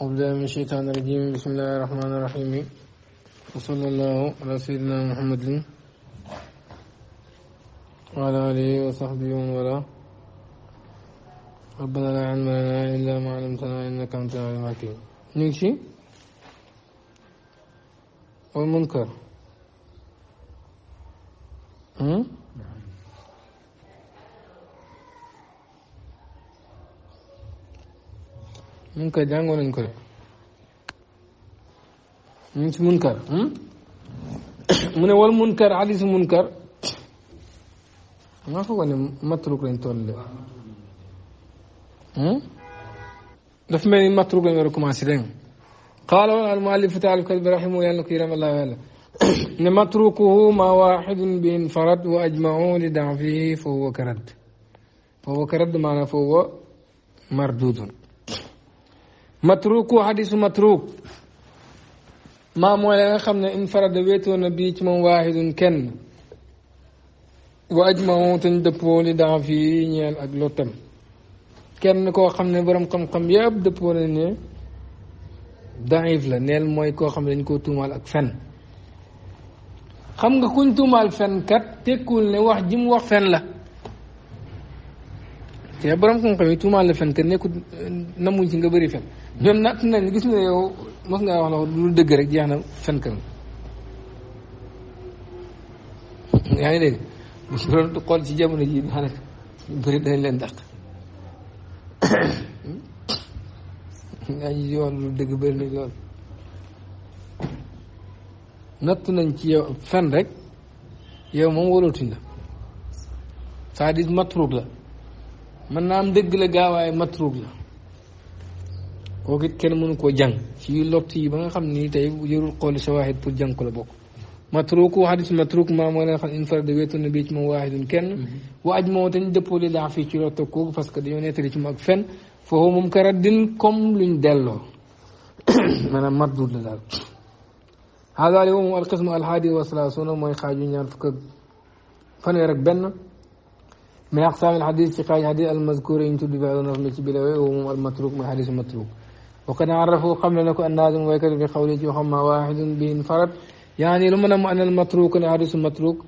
أعوذ من الشيطان الرجيم بسم الله الرحمن الرحيم وصلى الله على سيدنا محمد وعلى آله وصحبه ومن والاه ربنا لا علم لنا إلا ما علمتنا إنك أنت العليم الحكيم نيكشي والمنكر منكر جانغو ننكر منش منكر من أول منكر عديس منكر ما هو أنا متروك لين تولى دف من متروك لين ركوم عسرين قالوا المؤلف تعالى الكذب رحمه يا نكير ما الله يعلم إن متروكه ما واحد بانفرد وأجمعوا لدعفه فهو كرد فهو كرد معنا فهو مردود matruku xadisu matruk maam mooy la nga xam ne infarada wéetoo na bii ci moom waahidun kenn wa ajmao tañ dëppoo li daa fii ñeel ak lottam kenn koo xam ne borom xam-xam yëpp dëppoo nañ ne daif la neel mooy koo xam ne dañ koo tuumaal ak fen xam nga kuñ tuumaal fen kat tekkul ne wax ji mu wax fen la te borom xam-xam yi tuumaal la fen te nekkut eh, namuñ ci nga bari fen ñoom natt nañ gis na yow mos ngaa wax la dëgg rek jeex na fen yaa ngi xool ci jamono ji leen dàq yaa dëgg bëri nañ nañ ci yow fen rek yow moom wóolootuñ la c'est-à-dire la mën naa am dëgg la gaawaay matruuk la kooku it kenn mënu koo jàng ci lopt yi ba nga xam ni tey jërul xooli sawaahid pour jàng ko la bokk matruuku xadis matruuk maa moo leen xam infarada wéetu na bii ci moom kenn mhm. wa moo tañ dëppoo li daa fii ci lotta kooku parce que dañoo nettali ci moom ak fen foofu moom kara din comme luñ delloo maanaam mardud la daal haadaali moom alqismu alhaadi wa salaasuna mooy xaaju ñaar fukk ak fanweer ak من أقسام الحديث تقاين حديث المذكور إن تبدي بعض النظم تبلاوي وهم المتروك من حديث المتروك وقد عرفوا قبل لكم أن هذا ويكتب في قوله وهم واحد به انفرد يعني لما نم أن المتروك أن حديث المتروك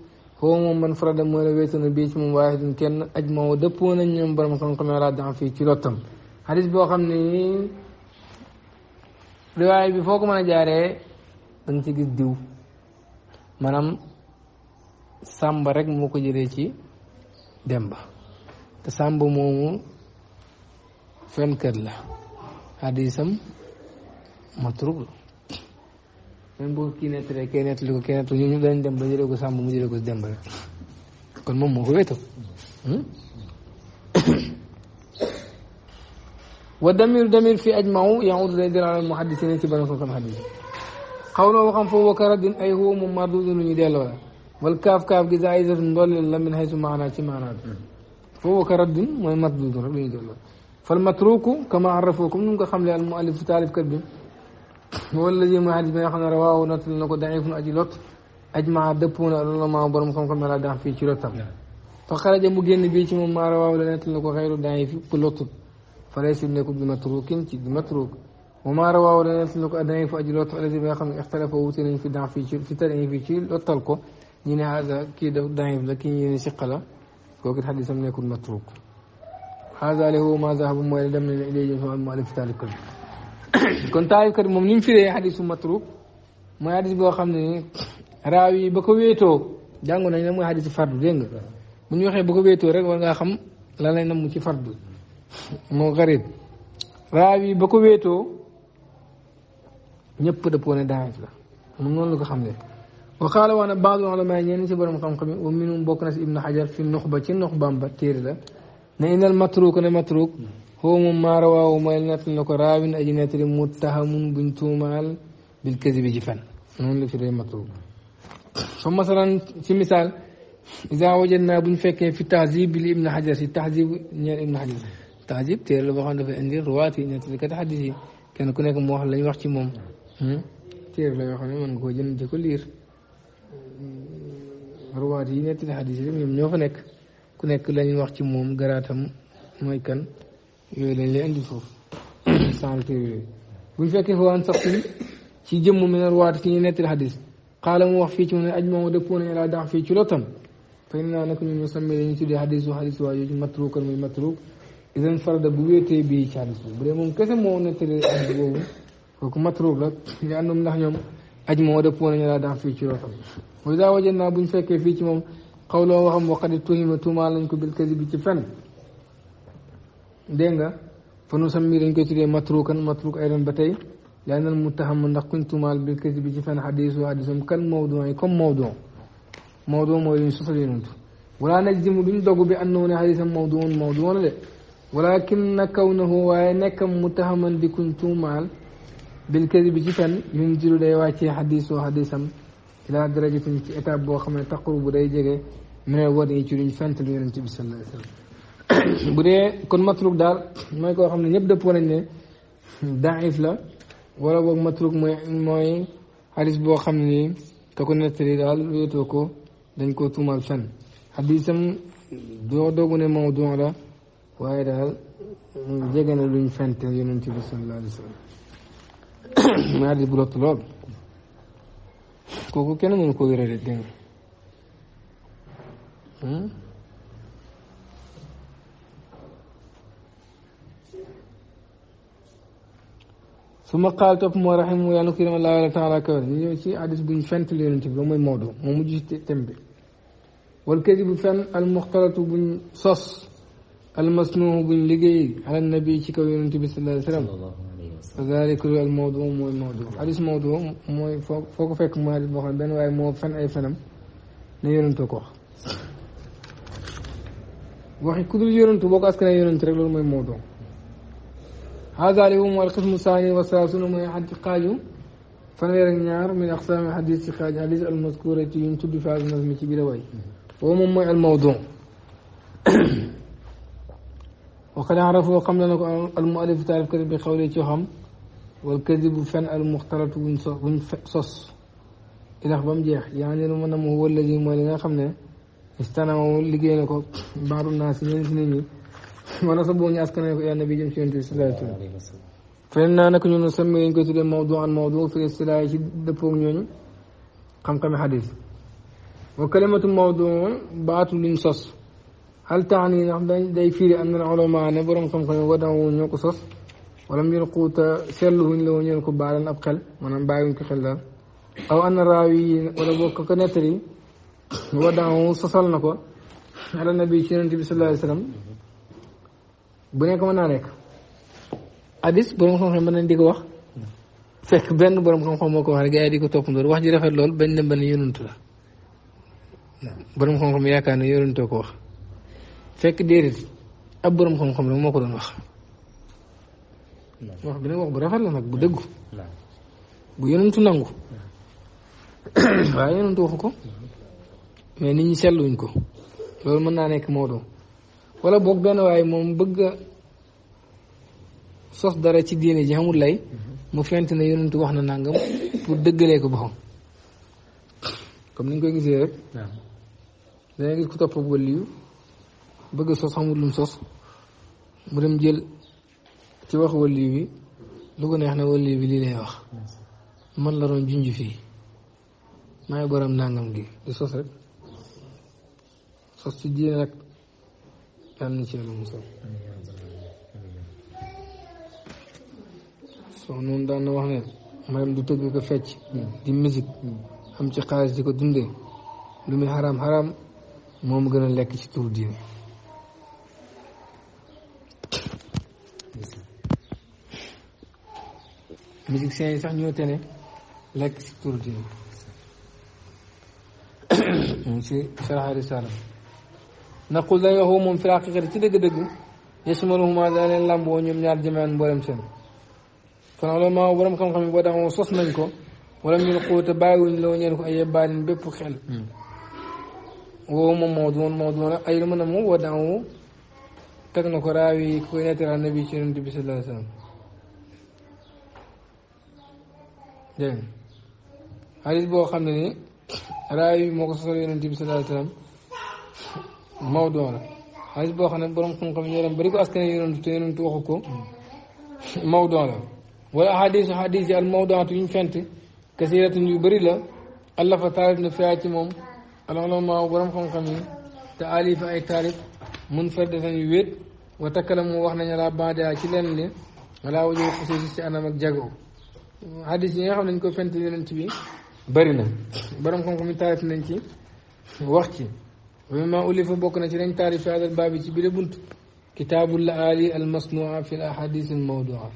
هو من فرد مولى بيت النبي من واحد كان أجمع ودبون أن ينبر مصنق من على دعم في تلوتهم حديث بوخم نين رواية بفوق من جاري أنت قد ديو منام سامبرك موكو جريتي Demba te Sàmba moomu fenkat la xadisam matrub la même boo kii nettalee kay nettali ko kay nettali mu jëlee ko Demba rek kon moom moo ko wéetoo hmm? wa damiru damir fi ajmau yaudu day dal alal muhaddisina ci bana ko xam xadis xaw na waxam foofu wa karadin والكاف كاف كذا عايزة نقول إلا من حيث معناه شي معنى فهو كرد ومدود رميد الله فالمتروك كما عرفوكم من خمل المؤلف تعرف كرد هو الذي ما حد بيخنا رواه ونطل نقو من أجلوت أجمع دبونا اللهم وبرمكم كما لا دعم في شرطم نعم. فخرج مجين بيش مما رواه ونطل نقو خير دعيف قلوت فليس لكم بمتروك بمتروك وما رواه ونطل نقو دعيف أجلوت الذي بيخنا اختلف ووتن في دعم في شرطم في تلعين في شرطم ñu ne haza kii daf daif la kii ñu ne siqa la kooku it xadisam nekkul matruk haza li ma zahaba mooy dem ne ilay jëm sama muallif taalifkat bi kon taalifkat bi moom ni mu firee xadisu matruk mooy xadis boo xam ne ni raaw yi ba ko wéetoo jàngoon nañ la mooy xadisu fardu dégg bu ñu waxee ba ko wéetoo rek war ngaa xam lan lay namm ci fardu moo xarit raaw yi ba ko wéetoo ñëpp dëppoo ne la moom noonu la ko xam ne وقال وانا بعض العلماء ينسى يعني برم قمقمي ومن بوكنس ابن حجر في النخبة في النخبة بطير لا نين المتروك نين المتروك هو ما روى وما يلنات النقراب أجنات المتهم بنتو مال بالكذب جفن نون في رأي المتروك ثم مثلا في مثال إذا وجدنا ابن فك في تعذيب لابن حجر في تعذيب نير ابن حجر تعذيب تير لو بخان في عندي رواة نير تلك الحديث كان كناك موحل لن يوحش موم تير لن يوحل من قوجن جكو لير ruwaat yi nettali xadis yi ñoom ñoo fa nekk ku nekk lañuy wax ci moom garaatam mooy kan yooyu lañ lay indi foofu sans téere yooyu buñ fekkee fa waan sax ci jëmm mi ne ruwaat ci ñuy nettali xadis xaala mu wax fii ci mu ne aj moom dëppoo nañ laa dax fii ci lottam fay naa nag ñun ñu sàmmee dañuy tuddee xadis bu xadis waa jooju matruukan muy matruuk isan farada bu wéetee bii ci xadis bi bu dee moom kese moo nettali xadis boobu kooku matruuk la ñu àndoom ndax ñoom aj moom a dëppoo nañu laa daan fii ci loolu wa ida wajadnaa bu ñu fekkee fii ci moom xawloo waxam waqad tuhima tuumaal nañ ko bil kasi bi ci fen dégg nga fa nu sammi dañ koy tuddee matrukan matruk ay ren ba tey لأن المتهم من نقن تمال بالكذب جفن حديث وحديثهم كالموضوع كم موضوع موضوع موضوع سفر ينوت ولا نجزم دون دوغ بأنه حديث موضوع موضوع لا ولكن كونه وينك متهما بكن تمال bil kasi bi ci fen yun jilu day wàccee xadiisoo xadiisam ilaa darajatin ci étape boo xam ne taqur bu day jege mu ne yi ci luñ fental yonent bi sallallahu alayhi wasallam bu dee kon matruk daal mooy koo xam ne ñëpp dëppoo nañ ne daif la wala boog matruk mooy mooy xadis boo xam ne nii ka ko nettali daal wéetoo ko dañ koo tuumal fen xadiisam doo doogu ne mawdu la waaye daal jege na luñ fent yonent bi sallallahu alayhi مال بلوت لوب كوكو كان من كوير الدين ثم قال توب مو رحمه يا نكير من الله تعالى كبر ني نيو سي حديث بن فنت لي نتي بو موي مودو مو مجي والكذب فن المختلط بن صص المصنوع بن لغي على النبي صلى الله عليه وسلم ذلك الموضوع مو الموضوع حديث موضوع مو فوق فوق ما هذا بوخان بين واي مو فن اي فنم نيرن تو كوخ وخي كودل يورن تو بوك اسكن يورن تريك لول موي هذا اللي هو القسم الثاني وسلاسون ما حد قالوا فنير نيار من اقسام حديث خاج حديث المذكوره تيم تدي في هذا النظم كبير واي هو الموضوع وقد عرف وقمنا المؤلف تعرف كذب بقوله تهم والكذب فن المختلط من صص إلى خبم جيح يعني لمن هو الذي مالنا خمنا استنام لجينا بعض الناس من سنيني ونصبوا ناس كنا يا نبي جمسي انت صلى آه، الله فإننا نكون نسمي إن كتب الموضوع الموضوع في الصلاة دفوق نيوني قم قم حديث وكلمة الموضوع باطل من صص hal taani ndax dañ day firi am na ulama borom xam-xam yi wadawu ñoo ko sos wala mu yulquuta seetluwuñ la ñeen ko baalan ab xel maanaam bàyyiwuñ ko xel daal aw an raawi yi wala boo ko ko nettali wadawu na ko ala nabi ci yonente bi sallallahu alayhi wasallam bu nekk mën naa nekk hadis borom xam-xam mën nañ di ko wax fekk benn borom xam-xam moo ko wax rek gars yi di wax ji rafet lool bañ dem ba ne yonantu la borom xam-xam yaakaar ne yonantoo ko wax fekk déedéet ab borom xam-xam la moo ko doon wax wax bi nag wax bu rafet la nag bu dëggu bu yonentu nangu waaye yonentu waxu ko mais nit ñi selluñ ko loolu mën naa nekk moo doon wala boog benn waaye moom bëgg a sos dara ci diine ji xamul lay mm-hmm. mu fent ne yeneentu wax na nangam pour dëggalee ko boppam comme ni koy gisee rek dana gis ku topp waliyu bëgg sos xamul lum sos mu dem jël ci wax wàllu lu ko neex ne wàllu bi lii lay wax man la doon junj fii maay borom nangam gi di sos rek sos ci diine rek yàlla na ci yàlla sos soo noonu daan na wax ne mayam du tëgg ko fecc di musique am ci xaalis di ko dundee lu muy xaraam xaraam moom gën a lekk ci tur diine musiciens yi sax ñoo tene lekk si tur di si saraxa risala naqul dañ wax moom fi xaqiqati ci dëgg-dëgg yesmaluhuma daa leen làmboo ñoom ñaar jëmaan mboolem seen kon ulama borom xam-xam yi boo tax moom sos nañ ko wala ñun xóota bàyyiwuñ loo ñeen ko ay baanin moo doon teg na ko raawi ku koy nettali nabi ci yonent bi sallallahu alayhi wa dégg boo xam ne ni raay yi moo ko sosal yonent bi sallallahu alayhi wa sallam Maodo la xadis boo xam ne borom xam-xam yi ñoo bari ko askan wi yonent te la wala xadisu xadis yi al mawdaatu yu bëri la allah fa taalif na fiyaa ci moom alxulamaa borom xam-xam yi te alif ay taalif mun ferdatan yu wéet wa takkala mu wax nañu laa bandaa ci lenn li walaa wajoo xusuusi ci anam ak jagoo hadith yi nga xam ne dañ ko fent yonent bi bari na borom xam-xam yi taarif nañ ci wax ci wama ulifa bokk na ci dañ taarif hada baabi ci bi de kitabul ali al masnu'a fi al ahadith al mawdua al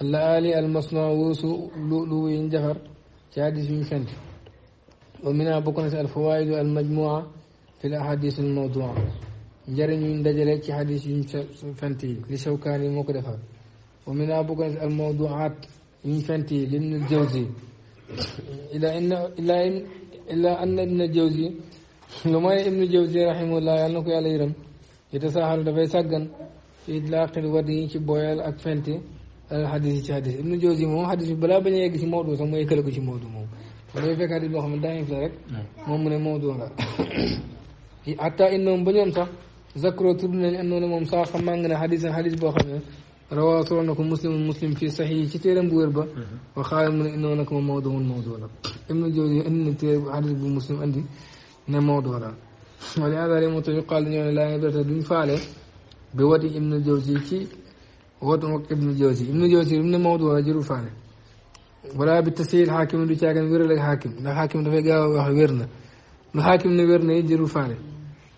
ali laali almasnua wuusu lulu yiñ defar ci hadith yi fent wa minaa bokk na ci alfawaidu almajmua fi l ahadis al mawdua njëriñ yuñ dajale ci hadis yuñ fent li Shawkaani moo ko defar wa minaa انفنتي لابن الجوزي إلى أن الى إن الى أن ابن الجوزي لما ابن الجوزي رحمه الله يعلم يعني كي على يرم يتساهل دفاي سجن في إطلاق الوردي في بويال أك فنتي الحديث في حديث ابن الجوزي مو حديث بلا بني يجي في موضوع ثم يكلكو في موضوع مو فلو يفك حديث بهم دائم في رك مو من موضوع لا حتى إنهم بنيهم صح ذكروا تبنا انهم مم صاحب مانغنا حديث حديث بوخنا روى صورنك مسلم مسلم في صحيح كتير بويربا وخال من إنه أنك موضوع موضوع لك إبن جوزي إن تيرب عدد بمسلم أندي نموضوع لك ولهذا لم يقال أنه لا يبرت دون فعله بوضع إبن جوزي كي وضع إبن جوزي إبن جوزي إبن موضوع جرو فعله ولا بالتسهيل حاكم دي تاكن غير لك حاكم لا حاكم دفع غير وحاكم غيرنا الحاكم نغيرنا يجرو فعله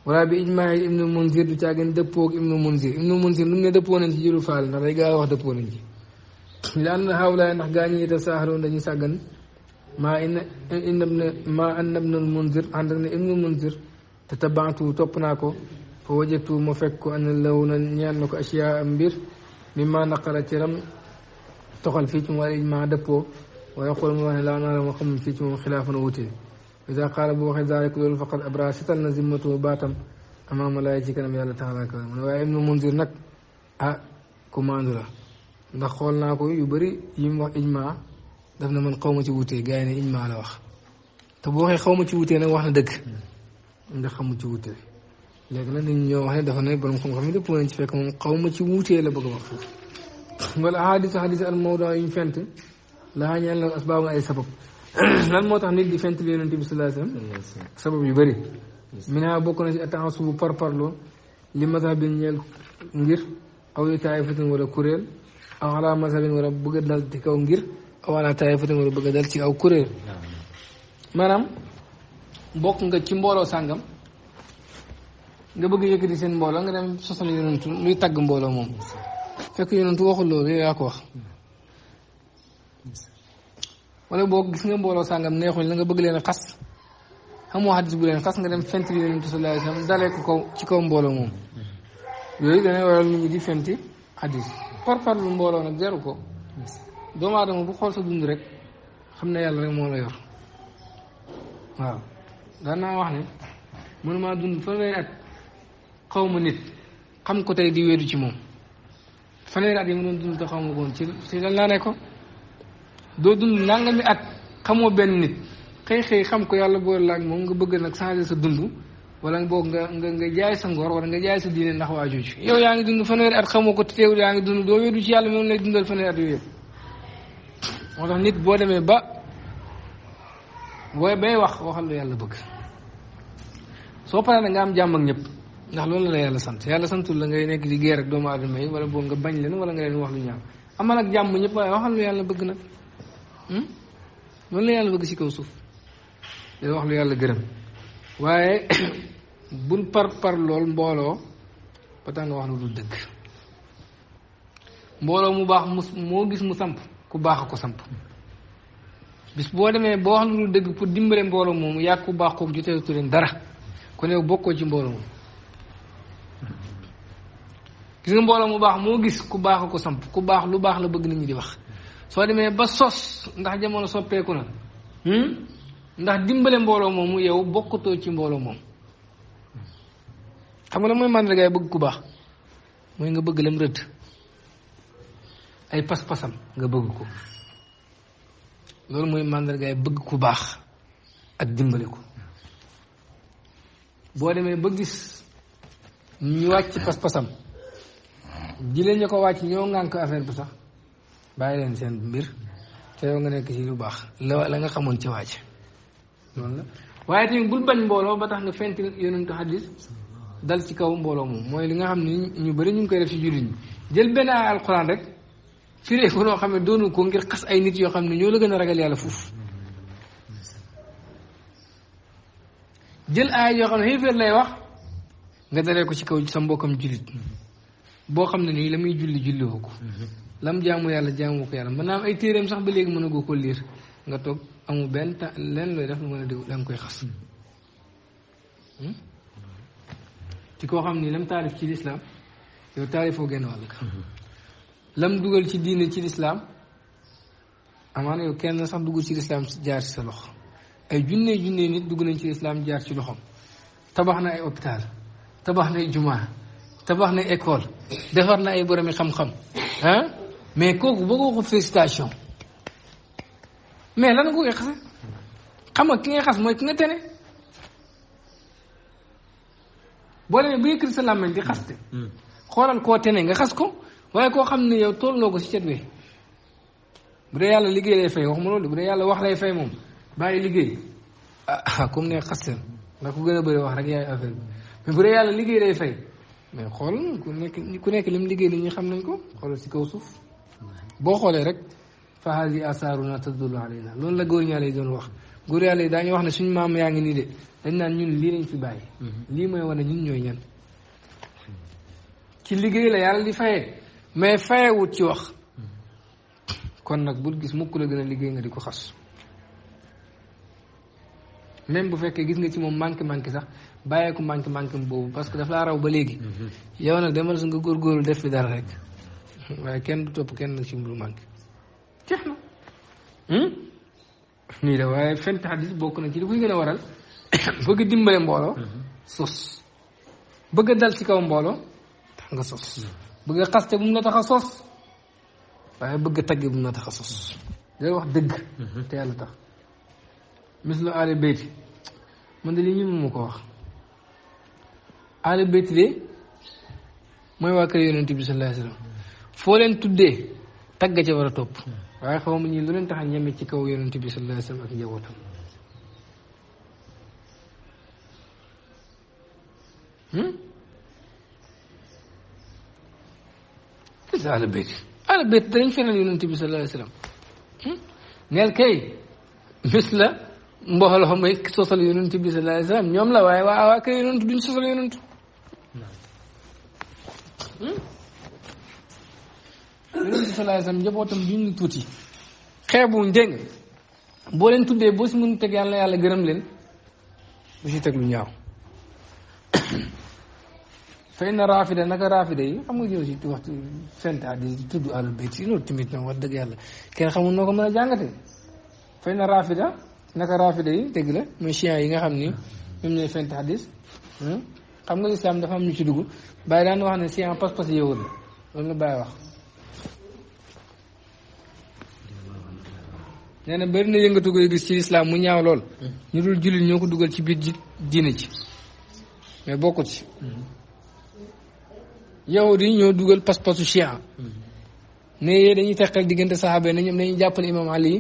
ولا بإجماع ابن المنذر تاعن دبوك ابن المنذر ابن المنذر نم دبون انت جيرو فال نرى غا واخ دبون انت لان هؤلاء نخ غاني يتساهلون دني ساغن ما ان ان ما ان ابن المنذر عند ابن المنذر تتبعته توبناكو فوجدت مفك ان اللون نيان نكو اشياء امبير مما نقل تيرم تخل فيتم والاجماع دبو ويقول ما لا نرى مقام فيتم خلاف نوتي إذا قال أبو بكر ذلك كله فقد أبرى شتل نزمة وباتم أمام ملائكة كان يا الله تعالى كلام وابن منذر نك أ آه، كوماندرا دخلنا كوي يبري يم إجماع دفن من قوم تبوتي جاين إجماع على وخ تبوه قوم تبوتي أنا واحد دك عند قوم لكن أنا نيو واحد دفن أي برمكم خمدي بقولين شفيك من قوم تبوتي إلا بقى وخ والأحاديث حديث الموضوع إن لا هني أسباب أي سبب lan moo tax nit di fent li yonent bi sallallahu alayhi wa sabab yu bëri minaa bokk na ci attensubu par parloo li mazhabin ñeel ngir aw li taayifatin wala kuréel aw ala mazhabin wala bëgg a dal ci kaw ngir aw ala taayifatin wala bëgg a dal ci aw kuréel maanaam bokk nga ci mbooloo sàngam nga bëgg di seen mbooloo nga dem sosal yonentu luy tagg mbooloo moom fekk yonentu waxul loolu yaa ko wax wala boo gis nga mbooloo sàngam neexuñ la nga bëgg leen a xas xamoo xadis bu leen xas nga dem fent bi yonent sallallahu alayhi wasallam dalee ko kaw ci kaw mbooloo moom yooyu dana waral nit ñi di fenti xadis par par lu mbooloo nag jaru ko aadama bu xool sa dund rek xam ne yàlla rek moo yor waaw daan naa wax ne mënumaa dund fanweeri at xaw nit xam ko tey di wéedu ci moom fanweeri at yi ma doon dund te xaw ma ko ci ci lan laa ne ko doo dund mi at xamoo benn nit xëy xëy xam ko yàlla boole laaj moom nga bëgg nag changer sa dund wala boog nga nga jaay sa ngoor wala nga jaay sa diine ndax waa jooju yow yaa ngi dund fanweeri at xamoo ko yaa ngi dund doo wéedu ci yàlla moom lay dundal fanweeri at yooyu yëpp moo tax nit boo demee ba booy bay wax waxal lu yàlla bëgg soo paree na nga am jàmm ak ñëpp ndax loolu la yàlla sant yàlla santul la ngay nekk di geer ak doomu aadama yi wala boog nga bañ leen wala nga leen wax yàlla bëgg nag Hmm? loolu la yàlla bëgg ci kaw suuf day wax lu yàlla gërëm waaye buñ par par lool mbooloo ba tax nga wax lu dul dëgg mbooloo mu baax mu moo gis mu samp ku baax a ko samp bis boo demee boo wax lu dul dëgg pour dimbale mbooloo moomu yàgg ku baax kooku joteetu leen dara ku ne bokkoo ci mbooloo moomu gis nga mbooloo mu baax moo gis ku baax a ko samp ku baax lu baax la bëgg nit ñi di wax soo demee ba sos ndax jamono soppeeku na hmm? ndax dimbale mbooloo moom mu yow bokkutoo ci mbooloo moom xam nga la mooy màndargaay bëgg ku baax mooy nga bëgg lam rëdd ay pas-pasam nga bëgg ko loolu mooy màndargaay bëgg ku baax ak dimbale ko boo demee ba gis ñu wàcc pas-pasam ji la ñu ko wàcc ñoo ngànk affaire bi sax bàyyi leen seen mbir te yow nga nekk ci lu baax la la nga xamoon ci waaj noonu la waaye bul bañ mbooloo ba tax nga fent yonentu xadis dal ci kaw mbooloo moom mooy li nga xam ne ñu bari ñu ngi koy def ci jullit ñi jël benn ay alxuraan rek firee ko noo xam ne doonul ko ngir xas ay nit yoo xam ne ñoo la gën a ragal yàlla foofu jël ay yoo xam ne xiiféer lay wax nga daree ko ci kaw sa mbokkam jullit boo xam ne nii la muy julli julliwoo ko lam jaamu yàlla jaamu ko yàlla mën ay téeréem sax ba léegi mën a liir nga toog amul benn temps lenn def lu a déglu da nga koy xas hmm? ci koo xam ni lam ci lislaam yow taalifoo genn wàll ka hmm. lam dugal ci diine ci lislaam amaana yow kenn sax dugg ci lislaam jaar ci sa loxo ay junne junne nit dugg nañ ci lislaam jaar ci loxom tabax na ay hôpital tabax na ay jumaa tabax na ay école defar na ay boromi xam-xam mais kooku bëggoo ko félicitation mais lan nga koy xasee xam nga ki ngay xas mooy ki nga tene boo demee bu yëkkati sa làmmañ di xaste mm. xoolal koo tene nga xas ko waaye koo xam ne yow tool loo ko si cet bi bu dee yàlla liggéey lay fay wax ma loolu bu dee yàlla wax lay fay moom bàyyi liggéey ah, ah, comme ne xas leen ndax ku gën a bëri wax rek yaay affaire bi mais bu dee yàlla liggéey lay fay mais xool ku nekk ku nekk lim liggéey li ñu xam nañ ko xoolal si kaw suuf boo xoolee rek fa haadi asaaruna tadullu alayna loolu la góor yàlla yi doon wax góor yàlla yi daañu wax ne suñu maam yaa ngi nii de dañ naan ñun lii lañ fi bàyyi mhm. lii mooy wane ñun ñooy ñan ci liggéey la yàlla di fayee mais fayewut ci wax mhm. kon nag bul gis mukk la gën a liggéey nga di ko xas même bu fekkee gis nga ci moom manqué manqué sax bàyyeeku manqué manqué boobu parce que daf laa raw ba léegi mhm. yow nag demal su nga góorgóorlu def fi dara rek waaye kenn du topp kenn nag si mu lu manqué jeex na hmm? la waaye fent xadis bokk na ci li koy gën a waral bëgg a dimbale mbooloo mm-hmm. sos bëgg a dal ci kaw mbooloo tax nga sos mm-hmm. bëgg a xaste bu mu la tax a waaye bëgg a tagge bu mu la tax wax dëgg mm-hmm. te yàlla tax mislu aali bayti ñu mu ko wax aali bayti de mooy waa kër yonent bi sallallahu alayhi foo leen tuddee tagga ca a topp waaye xaw ma ñii lu leen tax ñeme ci kaw yonent bi sallallahu alayhi wa sallam ak njabootam hmm? gis ala bayt ala bayt danañ feneen yonent bi sallallahu alayhi wa sallam hmm? neel kay mis la bi sallallahu alayhi wa ñoom la waaye waa waa kër yonent duñ sosal hmm? yonent bi sallallahu alayhi njabootam duñ ñu tuuti bu dégg nga boo leen tuddee boo si mën teg yàlla yàlla gërëm leen bu ci teg lu ñaaw fa inna raafida naka raafida yi xam nga ñëw si waxtu fent addi nag wax dëgg yàlla kenn xamul noo ko mën a jàngatee fa inna raafida naka raafida yi dégg la mooy chiens yi nga xam ni ñoom ñooy fent hadis hmm? xam nga lislaam dafa am ñu ci dugg bàyyi daan wax ne chiens pas-pas yow la loolu la bàyyi wax nee na bëri na yëngatu koy gis ci lislaam mu ñaaw lool hmm. ñu dul jullit ñoo ko dugal ci biir ji diina ci mais bokku ci hmm. yahud yi ñoo dugal pas-pasu hmm. ne yee dañuy teqal diggante saxaaba na ne ñoom dañuy jàppale imam ali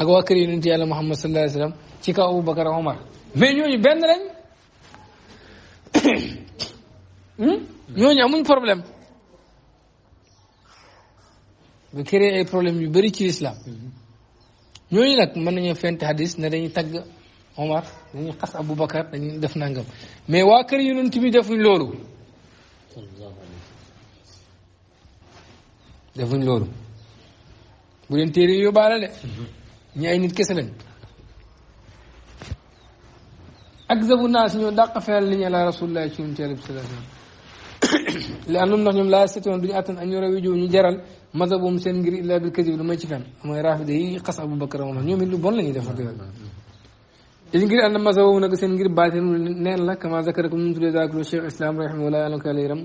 ak waa kër yonent yàlla muhammad sallallahu alayhi wasallam ci kaw abou bakar omar mais ñooñu benn lañ ñooñu amuñ problème ba créé ay problème yu bari ci lislaam ñooñu nag mën nañoo fent hadis ne dañuy tagg Omar dañuy xas Aboubacar dañuy def nangam mais waa kër yonent bi defuñ loolu defuñ loolu bu leen téere yóbbaale de ñu ay nit kese lañ ak zabu naas ñoo dàq feel li ñu la rasulullah ci yonent bi sallallahu alayhi wa sallam li àndum ndax ñoom laa seetoon duñu àttan añ yore wijoo ñu jaral mazabum seen ngir illaa bil kasib lu may ci fen mooy raafida yi xas Abu Bakar moom ñoom it lu bon la ñuy def li ngir ànd mazabum nag seen ngir baatin neen la kama zakara comme ñu tuddee zaakiro Cheikh Islam rahimahullah yàlla ko yàlla yaram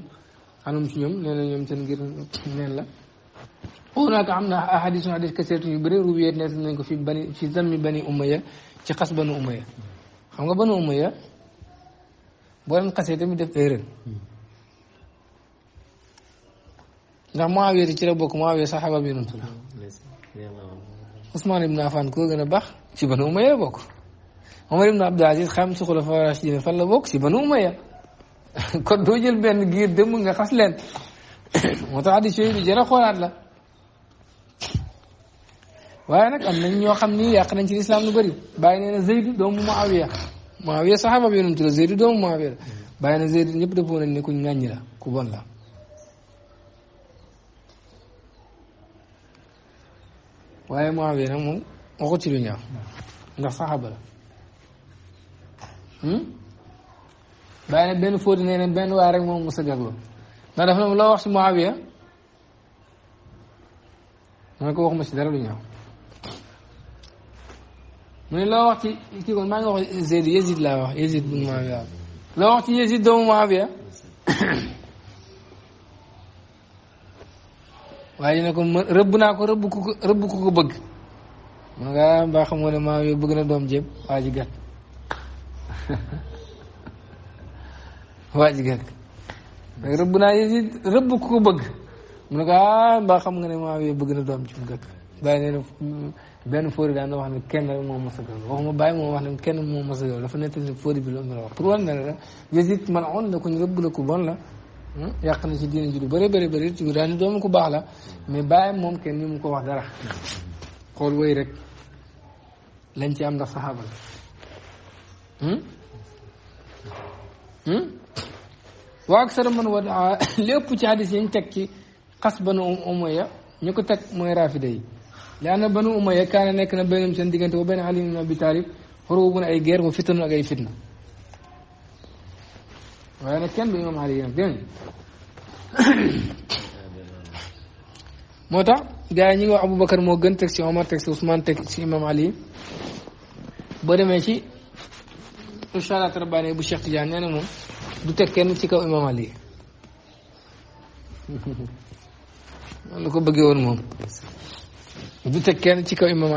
anum ci ñoom nee na ñoom seen ngir neen la hunaaka am na ahadis u hadis kaseetu yu bëri ruwiyet nekk nañ ko fi bani fi zammi bani umaya ci xas banu umaya xam nga banu umaya boo leen xasee tamit def erreur ndax Muawiya di ci la bokk Muawiya saxaaba bi yonent la Ousmane ibn Affan koo gën a baax ci Banu Umayya bokk Omar ibn Abdul Aziz xam si xulafa fan la doo jël benn giir démb nga xas leen moo tax addis yooyu xoolaat la waaye nag am nañ ñoo xam ni yàq nañ ci lislaam lu bëri bàyyi nee na Zeydu doomu Muawiya Muawiya saxaaba bi yonent la Zeydu doomu Muawiya la bàyyi na Zeydu ñëpp dëppoo nañ ne ku bon la waaye Muawiya nag moom waxu ci lu ñaaw ndax saxaaba la hmm? bàyyi ne benn fóoti nee ne benn waay rek moom musa jagloo ndax dafa ne loo wax ci Muawiya ah? mu ne ko waxuma ci dara lu ñaaw mu ne loo wax ci kii kon maa ngi wax Zayd Yazid laa wax Yazid bu Muawiya ah. loo wax ci Yazid doomu Muawiya waa ñu ne ko rëbb naa ko rëbb ko rëbb ku ko bëgg mun ah, xam nga ne maam bëgg na doom jéem waa ji gàtt waa ji gàtt ko bëgg mun nga ah, mbaa xam nga ne maam yow bëgg na doom ji mu gàtt bàyyi nee na benn fóori daan na wax ne kenn rek moom mos a gërëm waxuma bàyyi moom wax ne kenn moom mos a gërëm dafa ne fóori bi loolu la wax pour wan ne la yéen it man on la ku ñu rëbb la ku bon la. Hmm? yàq na ci diine ji lu bëri bëri bëri ci daal ni doomu ku baax la mais bàyyam moom kenn ñu mu ko wax dara xool wéy rek lañ ci am ndax saxaaba la hmm? hmm? waa ak sara man wadaa lépp ci hadis yi ñu teg ci xas banu umaya ñu ko teg mooy raafida yi laana banu umaya kaana nekk na baynam seen diggante ba benn ali ibn abi talib xurubun ay guerre wa fitanu ak ay fitna waaye nag kenn du imam ali moo tax gars yi ñi ngi wax Aboubacar moo gën teg si Omar teg si Ousmane teg si imam ali boo demee ci Irshadaat Rabbaani bu Cheikh Tidiane nee na moom du teg kenn ci kaw imam ali man la ko bëggee woon moom du teg kenn ci kaw imam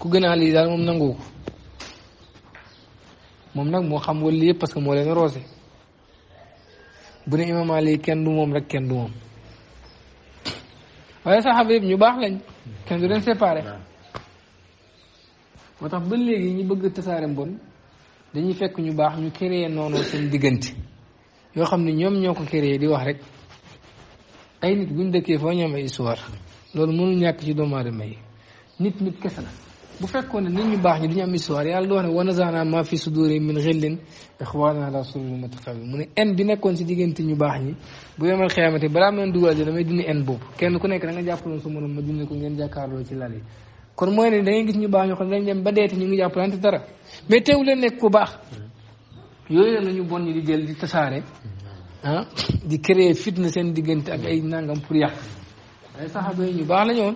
ku gën a ali daal moom nangu moom nag moo xam wali yëpp parce que moo leen roose bu ne imam kenn du moom rek kenn du moom waaye saxaaba yëpp ñu baax lañ kenn du leen séparé moo tax ba léegi ñu bëgg tasaare mbon dañuy fekk ñu baax ñu créé noonu seen diggante yoo xam ne ñoom ñoo ko créé di wax rek ay nit buñ dëkkee foo ñoom ay histoire loolu mënul ñàkk ci doomu aadama yi nit nit kese la بفكون نيني باخ ني نيامي سواري الله وانا وانا زانا ما في صدور من غل اخوانا على صدور متقابل من ان بي نيكون سي ديغنتي ني باخ ني بو يوم القيامه بلا ما ندوال دي دي ان بوب كين كو نيك داغا جابلو سو مونوم ما دي نيكو نين جاكارلو سي لالي كون موي ني داغي غيس ني باخ ني خو داغي ديم باديت ني نيو جابلو انت دارا مي تيو لا نيك كو باخ يوي لا نيو بون ني دي ديل دي تساري ها دي كريي فتنه سين ديغنتي اك اي نانغام بور ياك اي صحابه ني باخ لا نيون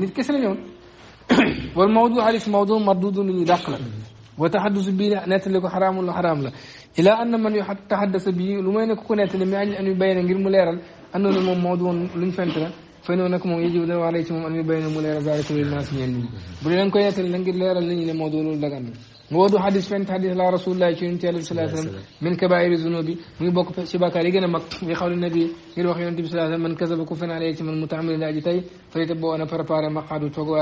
نيت كيس لا نيون والموضوع عليه موضوع مردود للعقل وتحدث به ناتل لك حرام ولا حرام لا إلى أن من يتحدث به لما يكون ناتل من أجل أن يبين غير مليرا أنه موضوع لنفنتنا فإنه أنكم يجب عليكم أن يبين ملير ذلك للناس يعني بلنا نكون ناتل لنجل ليرا لن موضوع لغانا وودو حديث فين حديث لا رسول الله صلى الله عليه وسلم من كبائر الذنوب مي بوك سي بكاري غينا مك مي خول النبي غير وخي النبي صلى الله عليه وسلم من كذب كفن عليه من متعمل لاجي تاي فيتبو انا بربار مقعد توغو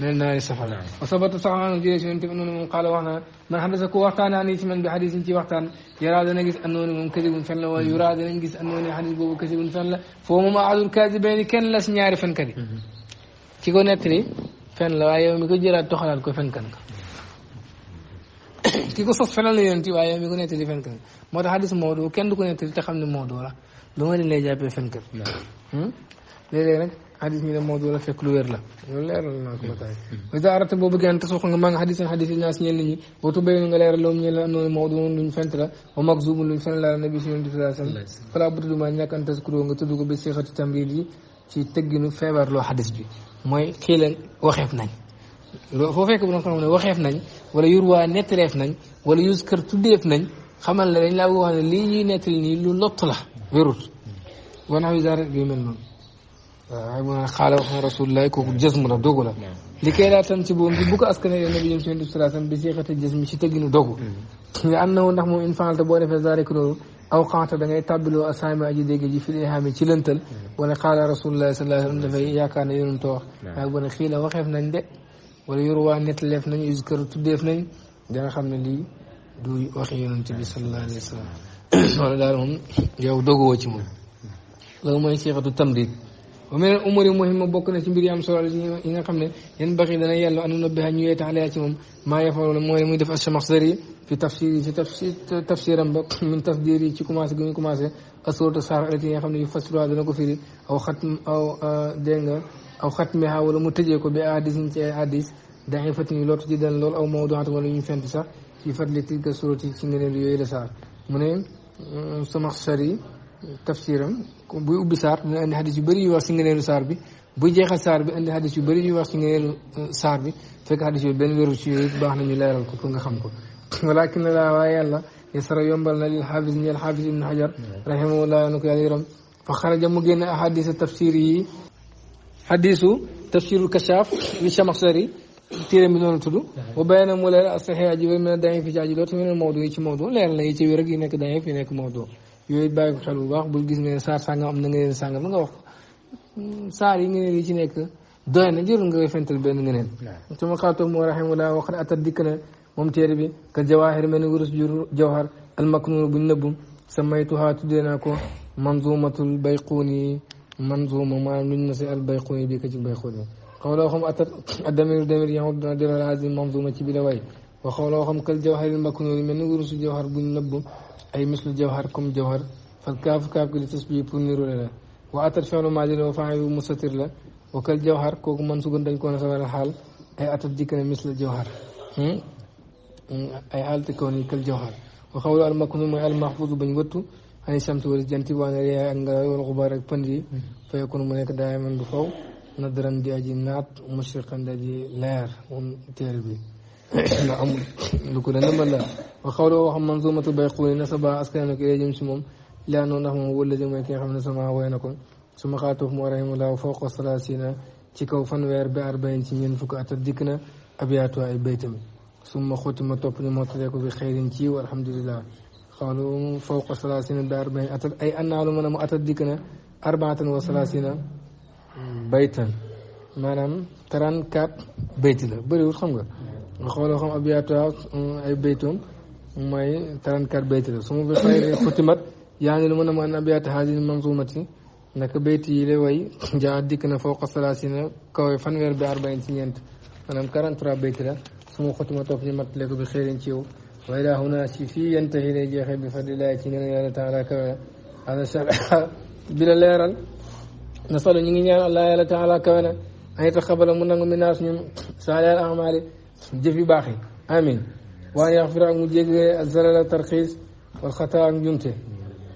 من النار سفلا وثبت صحا عن جي سي انتي قال وانا من حدث كو وقتان اني من بحديث انتي وقتان يراد اني غيس من كذب فن لا ويراد اني غيس انوني حديث بو كذب فن لا فوم ما عاد الكاذبين كن لاس نياري فن كدي كيكو نتري فن لا يومي كو تخلال كو فن ki ko sos fenal la yonent waaye mi ko nettali fen kër moo tax hadis Maodo kenn du ko nettali te xam ne Maodo la lu ma leen lay jàppee fen kër hmm? léeg-léeg nag hadis ñu la fekk lu wér la loolu leeral naa ko bataay nga maa nga hadis na hadis yi naa si ñeen nit ñi wootu béyoon nga leeral loom ñeen la andoona Maodo moom luñ fent la wa makzuum luñ fen la nabi si yonent sallallahu alayhi wa sallam fala buta duma ñàkk an taskuroo nga tudd ko bi sixati tamrid yi ci tëgginu feebarloo hadis bi mooy xii la waxeef nañ loolu foo fekk borom xam-xam ne waxeef nañ wala yurwaa nettareef nañ wala yus kër tuddeef nañ xamal la dañ laa bëgg wax ne lii ñuy nettali nii lu lott la wérut wana wi daara bi mel noonu waaw mu ne xaala wax na rasulullah kooku jësmu la dogu la li koy daa tan ci boobu bu ko askane yonne bi jëm si yonent bi salaa sallam bi seexate jësmi ci tëgginu dogu li am na woon ndax moom in fanal te boo defee zarik loolu aw xanta da ngay tàbbiloo asaami aji dégg ji fil ihaami ci lëntal wala xaala rasulullah salaa sallam dafay yaakaar ne yonent wax waaye bu ne xii la waxeef nañ de وليروى نتلف نن يذكر تدف نن جرى خمنا لي دوي وخيون تبي صلى الله عليه وسلم سؤال دارهم جاو دوغو وچمو لو ما يسيقه تمريد ومن الأمور المهمة بوكنا تنبري أم صلى الله عليه وسلم ينبغي لنا يلو أن ننبه أن يؤيت على يتمم ما يفعل المهور المهدف أشخاص مصدري في تفسيري في تفسير تفسير من تفديري تي كوماس غي كوماس اسورت صار التي خامني يفسروا هذا نكو فيري او ختم او دينغا أو ختمها ولا متجيكو بأحاديث إن أحاديث دعي فتني لوت جدا لول أو موضوع تقول إن فهمت سا في فضل تلك السورة تشيني ريو إلى سار منين سمخ سري تفسيرم بوي بسار من أن حديث بري واسين غير سار بي بوي جيخ سار بي أن حديث بري واسين غير سار بي فك حديث بين غير سيوي باحنا نلاير الكوكو نخمكو ولكن لا وايا الله يسر يومبل للحافظ نيال حافظ ابن حجر رحمه الله نكاليرم فخرج مجين أحاديث التفسيري xadiisu tafsirul kachaaf li Chamaxsari téeréem bi noonu tudd ba béy na mu leer asaxee aji wér mel ne dañuy fi ci aji dootu mel ne Maodo yi ci Maodo leer na yi ci wér ak yi nekk dañuy fi nekk Maodo yooyu bàyyi ko xel bu baax bul gis ne saar sàngam am na nga neen sàngam nga wax hmm, saar yi ngeen yi ci nekk doy na jërul nga koy fental benn nga neen su ma xaatoo moo rahimahullah waxat atat dikk na moom téere bi ka jawaahir mel ni wurus jur jawhar almaknuur buñ nëbbu sa maytuhaa tuddee naa ko manzumatul bayquuni منظومة ما من نسي البيقوني بك البيقوني قولهم أتت الدمير دمير يعود نادر هذه المنظومة بلوي وقولهم كالجوهر المكنون من ورس جوهر بن نبو أي مثل جوهر كم جوهر فالكاف كاف كل تسبيه بنير لا وأتت فعل ما جل وفاعل مستتر له وكالجوهر كوك منسوب دنج كون سوى الحال أي أتت ذكر مثل الجوهر أي حال تكوني كالجوهر وقول المكنون المحفوظ بن وتو ay samtu wala jant yi waane ree ak ngelaw wala xubaar ak pënd yi hmm. fayekon mu nekk daay man du faw na daran di aji naat mushriqan di aji leer moom téere bi ndax amul lu ko dana mën la wa xawloo waxam man suumatu bay xuuni na saba askan na ko jëm si moom laa noonu ndax moom wëla jëmay ki nga xam ne sama woy na ko su ma xaatoof moo rahimullah fawqa salaasina ci kaw fanweer bi arbayin ci ñeent fukk atat dikk na abiyaatu ay baytam summa xotti ma topp ni moo talee ko bi xeyrin ci alhamdulillah xaalu moom fawqa salaasina daar bay atat ay annaalu mën a mu atat dikk na arbaatan wa salaasina baytan maanaam trente quatre bayti la bëriwul xam nga nga xooloo xam abiyaatu mm, ay baytoom mooy trente quatre bayti la su ma bi xayri xutimat yaa ngi lu mën a mu an abiyaatu haadin manzumati naka bayti yi la way jaa dikk na fawqa salaasina kawe fanweer bi arbain ci ñeent maanaam quarante trois bayti la su ma xutimat topp ñu mattalee ko bi xëy ci yow وإلى هنا سيسي ينتهي إلى جيخ بفضل الله تنين تعالى كما هذا سبع بلا ليرا نصلوا نيجي الله تعالى كما أن يتقبل منا من الناس من صالح الأعمال جفي باخي آمين وأن يغفر عن مجيك الزلال الترخيص والخطاء عن جنته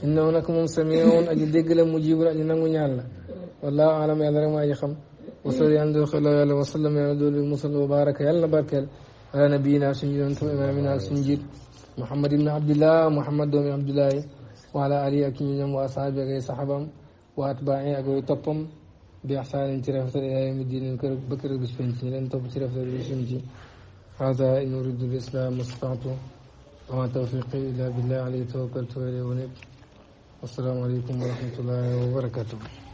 إنه لكم سميعون أجل دقل مجيب أجل نمو يالا والله أعلم يا ذرما يخم وصلي عند خلال وسلم يا دول المصلي وبارك يلا بارك على نبينا سيدنا إمامنا سنجد محمد بن عبد الله محمد بن عبد الله وعلى آله أكملهم وأصحابه غير صحابهم وأتباعه أغي طبهم بإحسان ترفتر إلى يوم الدين بكر بسبنتي لن طب إلى بسبنتي هذا إن أريد الإسلام ما وما توفيقي إلا بالله عليه توكلت وإليه ونبت والسلام عليكم ورحمة الله وبركاته